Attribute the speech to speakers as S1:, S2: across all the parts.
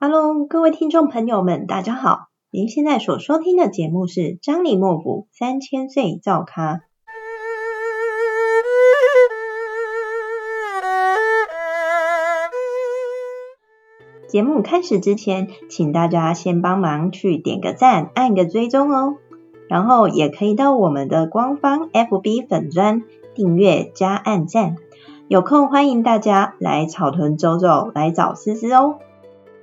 S1: Hello，各位聽眾朋友們，大家好。您現在所收聽的節目是張李莫府三千歲造咖。節目開始之前，請大家先幫忙去點個讚，按個追蹤哦。然後也可以到我們的官方 FB 粉專訂閱加按讚。有空歡迎大家來草屯走走，來找思思哦。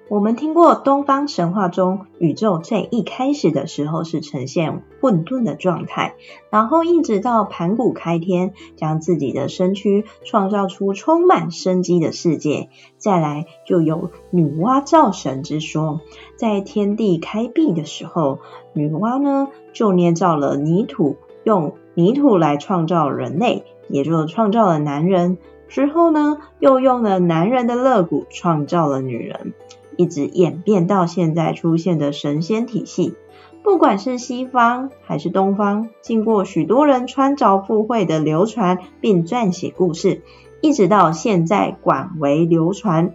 S1: 我們聽過東方神話中，宇宙在一開始的時候是呈現混沌的狀態，然後一直到盤古開天，將自己的身軀創造出充滿生機的世界。再來就有女媧造神之說，在天地開闢的時候，女媧呢就捏造了泥土，用泥土來創造人類，也就創造了男人。之後呢，又用了男人的肋骨創造了女人。一直演變到現在出現的神仙體系，不管是西方還是東方，經過許多人穿鑿附會的流傳，並撰寫故事，一直到現在廣為流傳。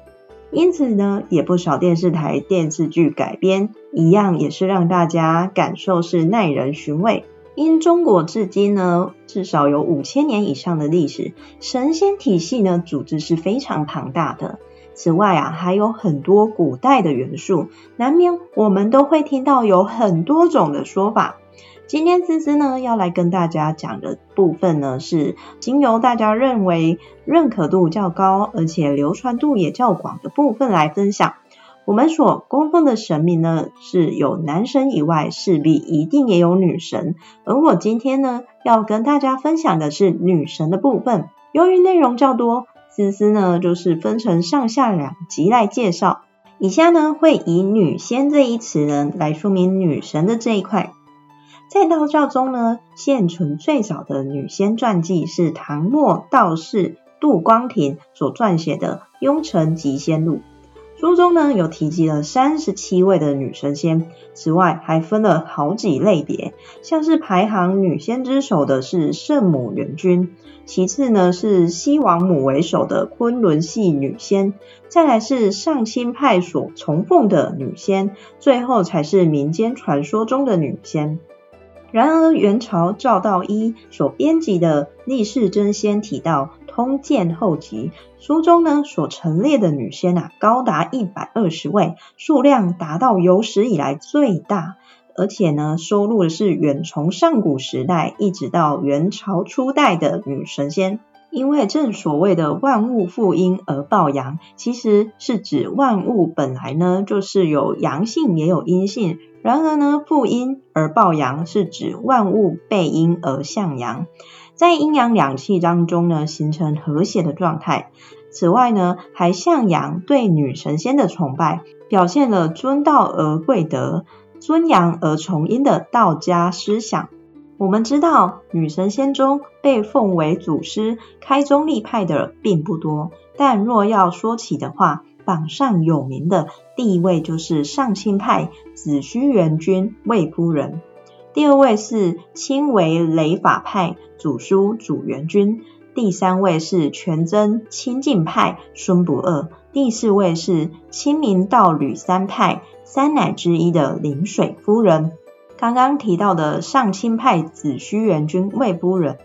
S1: 因此呢，也不少電視台電視劇改編，一樣也是讓大家感受是耐人尋味。因中國至今呢，至少有五千年以上的歷史，神仙體系呢組織是非常龐大的。此外啊，還有很多古代的元素，難免我們都會聽到有很多種的說法。今天絲絲呢要來跟大家講的部分呢，是經由大家認為認可度較高，而且流傳度也較廣的部分來分享。我們所供奉的神明呢，是有男神以外，勢必一定也有女神。而我今天呢，要跟大家分享的是女神的部分。由於內容較多。絲絲呢，就是分成上下兩集來介紹。以下呢，會以女仙這一詞人來說明女神的這一塊。在道教中呢，現存最早的女仙傳記是唐末道士杜光庭所撰寫的《雍城集仙錄》。書中呢，有提及了三十七位的女神仙，此外還分了好幾類別，像是排行女仙之首的是聖母元君，其次呢是西王母為首的崑崙系女仙，再來是上清派所崇奉的女仙，最後才是民間傳說中的女仙。然而元朝趙道一所編輯的《歷世真仙》提到。《封建後集》書中呢所陳列的女仙啊，高達一百二十位，數量達到有史以來最大，而且呢收錄的是遠從上古時代一直到元朝初代的女神仙。因為正所謂的萬物負陰而抱陽，其實是指萬物本來呢就是有陽性也有陰性，然而呢負陰而抱陽是指萬物背陰而向陽。在陰陽兩氣當中呢，形成和諧的狀態。此外呢，還向陽對女神仙的崇拜，表現了尊道而貴德、尊陽而崇陰的道家思想。我們知道，女神仙中被奉為祖師、開宗立派的並不多，但若要說起的話，榜上有名的第一位就是上清派紫虛元君魏夫人。第二位是清微雷法派主祖舒元君，第三位是全真清淨派孫不二，第四位是清明道閭山派三奶之一的臨水夫人，剛剛提到的上清派紫虛元君魏夫人。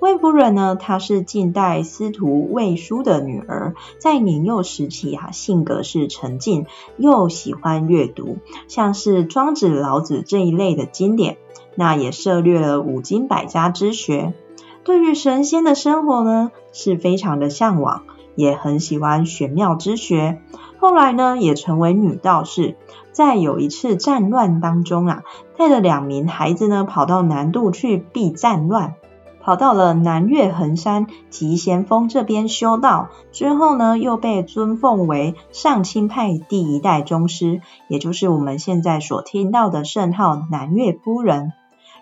S1: 魏夫人呢，她是晉代司徒魏舒的女兒，在年幼時期啊，性格是沉靜，又喜歡閱讀，像是《莊子》《老子》這一類的經典，那也涉獵了五經百家之學。對於神仙的生活呢，是非常的向往，也很喜歡玄妙之學。後來呢，也成為女道士。在有一次戰亂當中啊，帶着兩名孩子呢，跑到南渡去避戰亂。跑到了南嶽衡山集賢峰這邊修道，之後呢，又被尊奉為上清派第一代宗師，也就是我們現在所聽到的聖號“南嶽夫人”。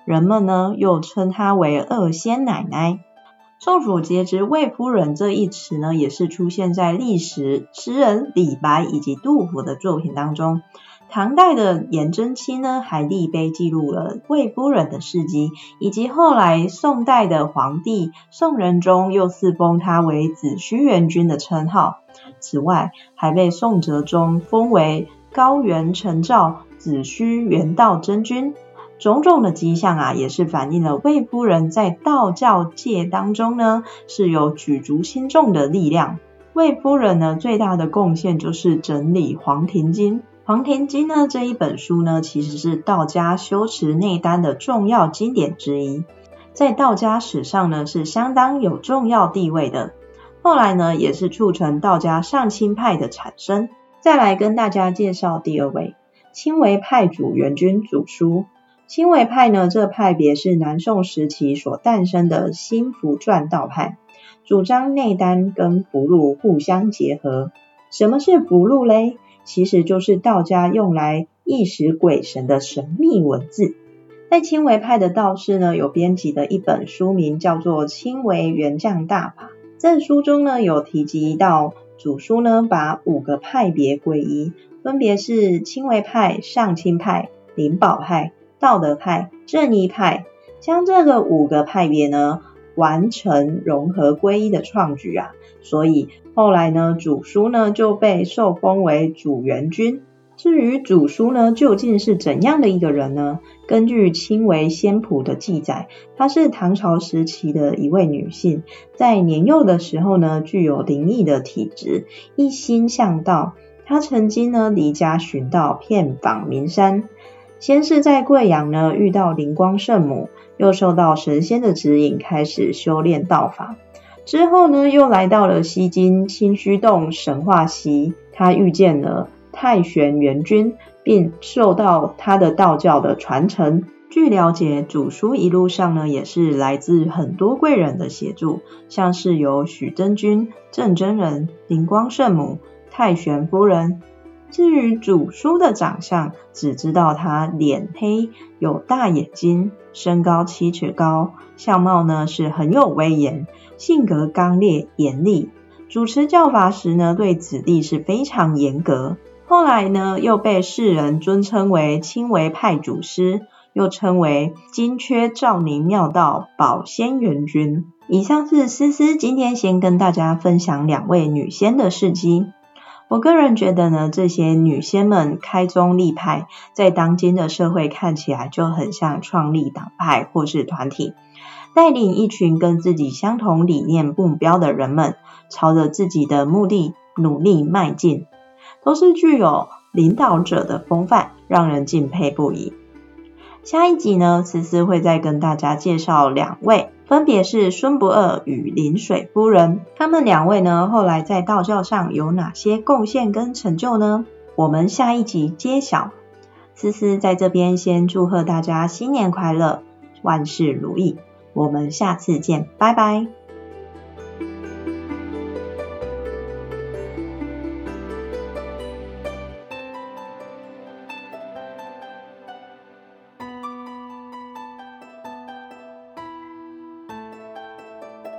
S1: 人們呢又稱她為二仙奶奶。眾所皆知，“魏夫人”這一詞呢，也是出現在歷史詩人李白以及杜甫的作品當中。唐代的顏真卿呢，還立碑記錄了魏夫人的事跡，以及後來宋代的皇帝宋仁宗又賜封她為紫虛元君的稱號。此外，還被宋哲宗封為高元宸照紫虛元道真君。種種的跡象啊，也是反映了魏夫人在道教界當中呢，是有舉足輕重的力量。魏夫人呢，最大的貢獻就是整理《黃庭經》。《黃庭經》呢這一本書呢，其實是道家修持內丹的重要經典之一，在道家史上呢是相當有重要地位的。後來呢也是促成道家上清派的產生。再來跟大家介紹第二位，清微派主元君祖舒。清微派呢這派別是南宋時期所誕生的新符籙道派，主張內丹跟符籙互相結合。什麼是符籙嘞？其實就是道家用來意識鬼神的神秘文字。在清微派的道士呢，有編輯的一本書，名叫做《清微元降大法》。這書中呢，有提及到祖書呢，把五個派別歸一，分別是清微派、上清派、靈寶派、道德派、正一派，將這個五個派別呢。完成融合歸一的創舉啊，所以後來呢，祖舒呢就被受封為祖元君。至於祖舒呢，究竟是怎樣的一個人呢？根據《清微仙譜》的記載，她是唐朝時期的一位女性，在年幼的時候呢，具有靈異的體質，一心向道。她曾經呢，離家尋道，遍訪名山。先是在貴陽呢遇到靈光聖母，又受到神仙的指引，開始修煉道法。之後呢又來到了西京清虛洞神話席，他遇見了太玄元君，並受到他的道教的傳承。據了解，祖書一路上呢也是來自很多貴人的協助，像是有許真君、鄭真人、靈光聖母、太玄夫人。至於祖舒的長相，只知道她臉黑，有大眼睛，身高七尺高，相貌呢，是很有威嚴，性格剛烈嚴厲。主持教法時呢，對子弟是非常嚴格。後來呢，又被世人尊稱為清微派祖師，又稱為金闕照明妙道保仙元君。以上是思思，今天先跟大家分享兩位女仙的事跡。我個人覺得呢，這些女仙們開宗立派，在當今的社會看起來就很像創立黨派或是團體，帶領一群跟自己相同理念、目標的人們，朝着自己的目的努力邁進，都是具有領導者的風範，讓人敬佩不已。下一集呢，絲絲會再跟大家介紹兩位，分別是孫不二與臨水夫人。他們兩位呢，後來在道教上有哪些貢獻跟成就呢？我們下一集揭曉。絲絲在這邊先祝賀大家新年快樂，萬事如意。我們下次見，拜拜。